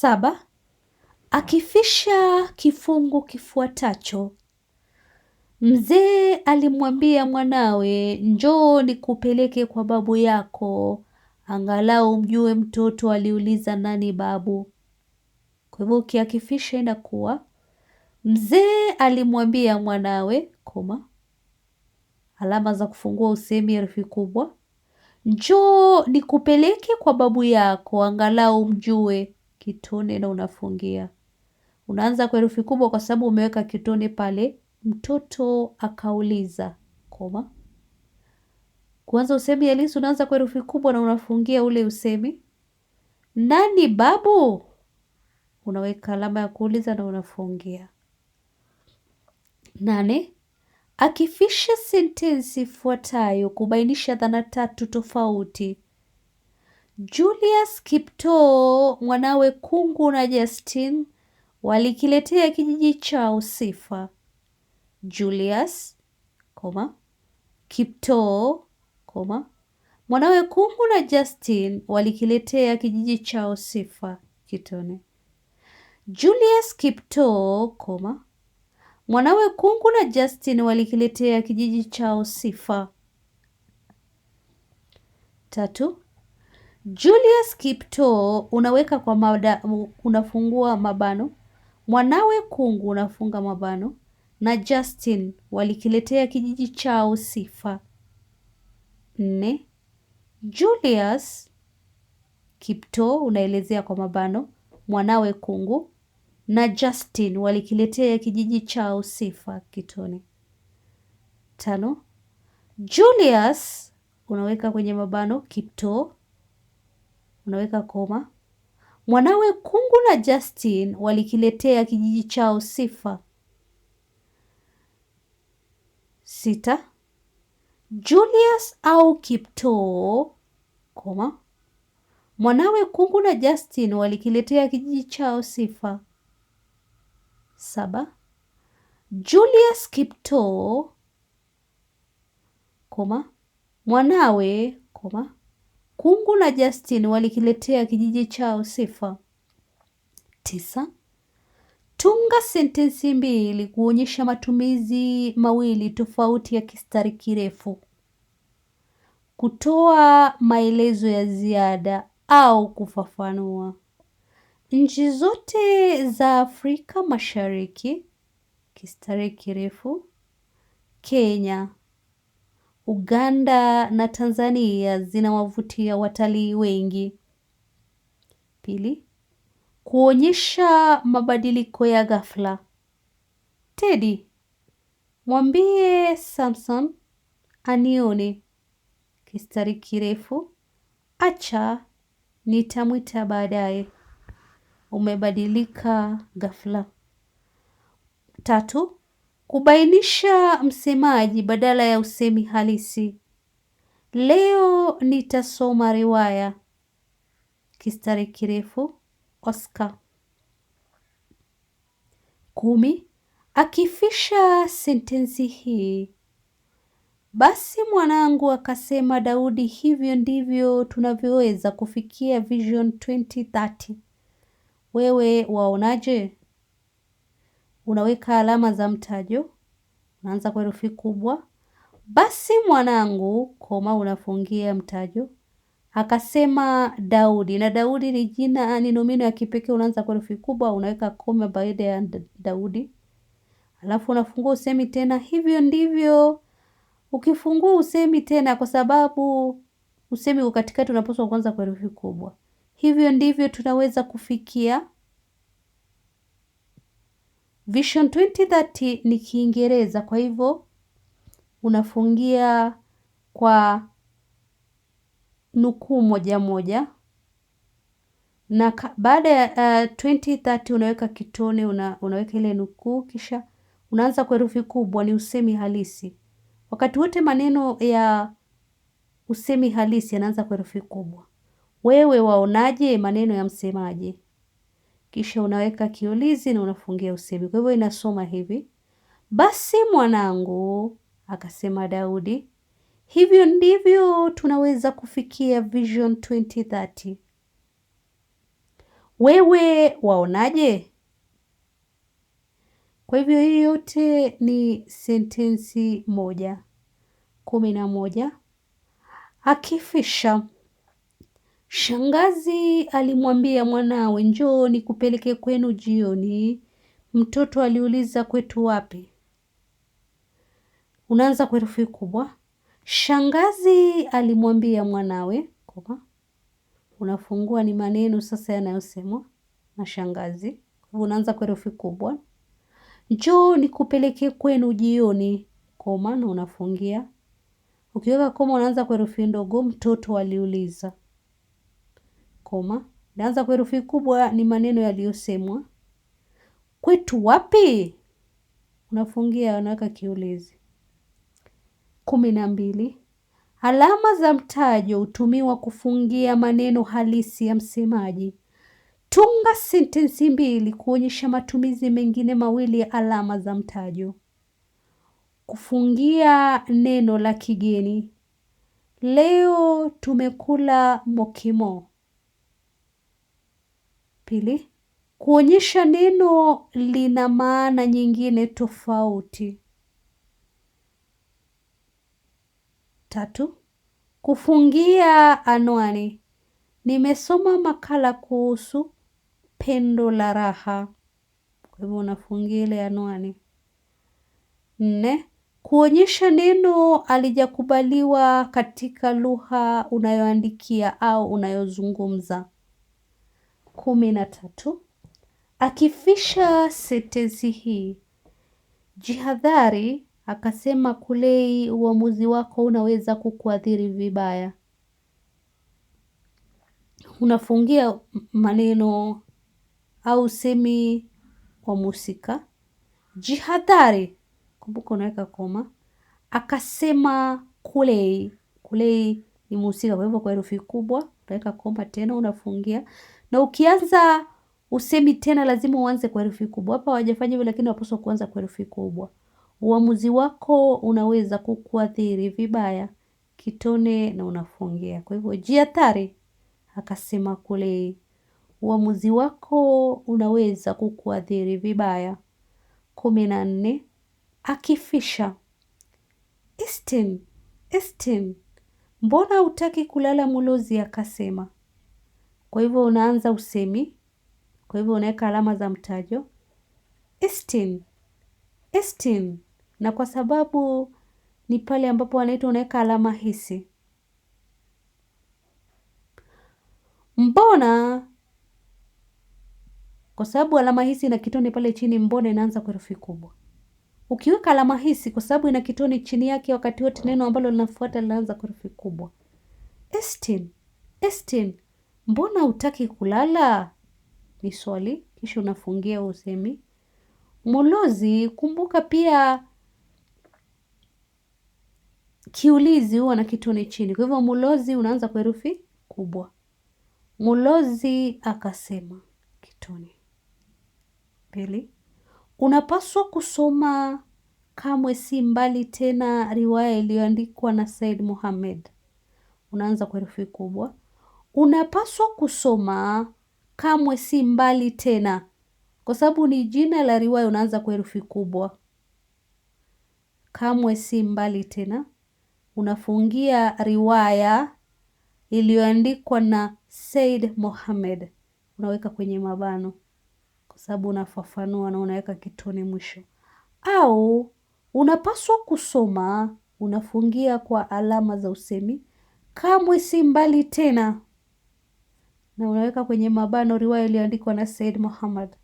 saba akifisha kifungu kifuatacho: mzee alimwambia mwanawe, njoo nikupeleke kwa babu yako, angalau mjue mtoto aliuliza nani babu. Kwa hivyo ukiakifisha inakuwa mzee alimwambia mwanawe, koma, alama za kufungua usemi herufi kubwa, njoo nikupeleke kwa babu yako, angalau mjue kitone na unafungia. Unaanza kwa herufi kubwa kwa sababu umeweka kitone pale. Mtoto akauliza koma. Kuanza usemi halisi unaanza kwa herufi kubwa na unafungia ule usemi. Nani babu? Unaweka alama ya kuuliza na unafungia. Nane, akifisha sentensi ifuatayo kubainisha dhana tatu tofauti. Julius Kipto, mwanawe Kungu na justin walikiletea kijiji chao sifa. Julius koma, Kipto koma, mwanawe Kungu na Justin walikiletea kijiji chao sifa kitone. Julius Kiptoo koma, mwanawe Kungu na justin walikiletea kijiji chao sifa. Tatu, Julius kipto unaweka kwa mada, unafungua mabano, mwanawe Kungu unafunga mabano, na Justin walikiletea kijiji chao sifa. Nne, Julius kipto unaelezea kwa mabano, mwanawe Kungu na Justin walikiletea kijiji chao sifa kitone. Tano, Julius unaweka kwenye mabano Kipto unaweka koma. Mwanawe Kungu na Justin walikiletea kijiji chao sifa. Sita. Julius au Kiptoo, koma. Mwanawe Kungu na Justin walikiletea kijiji chao sifa. Saba. Julius Kiptoo, koma. Mwanawe, koma. Kungu na Justin walikiletea kijiji chao sifa. Tisa, tunga sentensi mbili kuonyesha matumizi mawili tofauti ya kistari kirefu. Kutoa maelezo ya ziada au kufafanua. Nchi zote za Afrika Mashariki, kistari kirefu. Kenya Uganda na Tanzania zinawavutia watalii wengi. Pili, kuonyesha mabadiliko ya ghafla. Teddy, mwambie Samson anione. Kistari kirefu, acha nitamwita baadaye. Umebadilika ghafla. Tatu, kubainisha msemaji badala ya usemi halisi. Leo nitasoma riwaya. Kistari kirefu Oscar. Kumi. Akifisha sentensi hii: basi mwanangu akasema Daudi, hivyo ndivyo tunavyoweza kufikia Vision 2030. Wewe waonaje? unaweka alama za mtajo, unaanza kwa herufi kubwa, basi mwanangu koma, unafungia mtajo. Akasema Daudi, na Daudi ni jina, ni nomino ya kipekee. Unaanza kwa herufi kubwa, unaweka koma baada ya Daudi, alafu unafungua usemi tena, hivyo ndivyo. Ukifungua usemi tena, kwa sababu usemi uko katikati, unapaswa kuanza kwa herufi kubwa. Hivyo ndivyo tunaweza kufikia Vision 2030 ni Kiingereza, kwa hivyo unafungia kwa nukuu moja moja, na baada ya uh, 2030 unaweka kitone una, unaweka ile nukuu, kisha unaanza kwa herufi kubwa, ni usemi halisi. Wakati wote maneno ya usemi halisi yanaanza kwa herufi kubwa. Wewe waonaje maneno ya msemaji? kisha unaweka kiulizi na unafungia usemi. Kwa hivyo inasoma hivi: basi mwanangu, akasema Daudi, hivyo ndivyo tunaweza kufikia Vision 2030. Wewe waonaje? Kwa hivyo hii yote ni sentensi moja. kumi na moja. Akifisha Shangazi alimwambia mwanawe, njoo nikupeleke kwenu jioni. Mtoto aliuliza, kwetu wapi? Unaanza kwa herufi kubwa. Shangazi alimwambia mwanawe, koma. Unafungua ni maneno sasa yanayosemwa na shangazi. Unaanza kwa herufi kubwa. Njoo nikupeleke kwenu jioni, koma na unafungia. Ukiweka koma unaanza kwa herufi ndogo, mtoto aliuliza koma. Naanza kwa herufi kubwa ni maneno yaliyosemwa. Kwetu wapi? Unafungia, unaweka kiulizi. kumi na mbili. Alama za mtajo hutumiwa kufungia maneno halisi ya msemaji. Tunga sentensi mbili kuonyesha matumizi mengine mawili ya alama za mtajo. Kufungia neno la kigeni. Leo tumekula mokimo. Pili, kuonyesha neno lina maana nyingine tofauti. Tatu, kufungia anwani. Nimesoma makala kuhusu pendo la raha. Kwa hivyo unafungia ile anwani. Nne, kuonyesha neno alijakubaliwa katika lugha unayoandikia au unayozungumza kumi na tatu. Akifisha sentensi hii, jihadhari, akasema Kulei, uamuzi wako unaweza kukuathiri vibaya. Unafungia maneno au semi kwa musika. Jihadhari, kumbuka unaweka koma. Akasema Kulei, Kulei ni musika, kwa hivyo kwa herufi kubwa unaweka koma tena, unafungia na ukianza usemi tena, lazima uanze kwa herufi kubwa. Hapa hawajafanya hivyo, lakini wapaswa kuanza kwa herufi kubwa. Uamuzi wako unaweza kukuathiri vibaya, kitone na unafungia. Kwa hivyo jiathari, akasema kule, uamuzi wako unaweza kukuathiri vibaya. kumi na nne. Akifisha Estem, Estem, mbona hutaki kulala mulozi? Akasema kwa hivyo unaanza usemi, kwa hivyo unaweka alama za mtajo Eastern, Eastern. Na kwa sababu ni pale ambapo wanaita unaweka alama hisi. Mbona, kwa sababu alama hisi na kitone pale chini, mbona inaanza kwa herufi kubwa. Ukiweka alama hisi, kwa sababu ina kitone chini yake, wakati wote neno ambalo linafuata linaanza kwa herufi kubwa. Eastern, Eastern mbona hutaki kulala? Ni swali, kisha unafungia usemi. Molozi, kumbuka pia kiulizi huwa na kitone chini. Kwa hivyo molozi unaanza kwa herufi kubwa. Molozi akasema kitone. Pili, unapaswa kusoma kamwe si mbali tena riwaya iliyoandikwa na Said Mohamed. Unaanza kwa herufi kubwa. Unapaswa kusoma kamwe si mbali tena, kwa sababu ni jina la riwaya, unaanza kwa herufi kubwa. Kamwe si mbali tena, unafungia riwaya iliyoandikwa na Said Mohamed, unaweka kwenye mabano, kwa sababu unafafanua na unaweka kitone mwisho. Au unapaswa kusoma, unafungia kwa alama za usemi, kamwe si mbali tena na unaweka kwenye mabano riwaya iliyoandikwa na Said Muhammad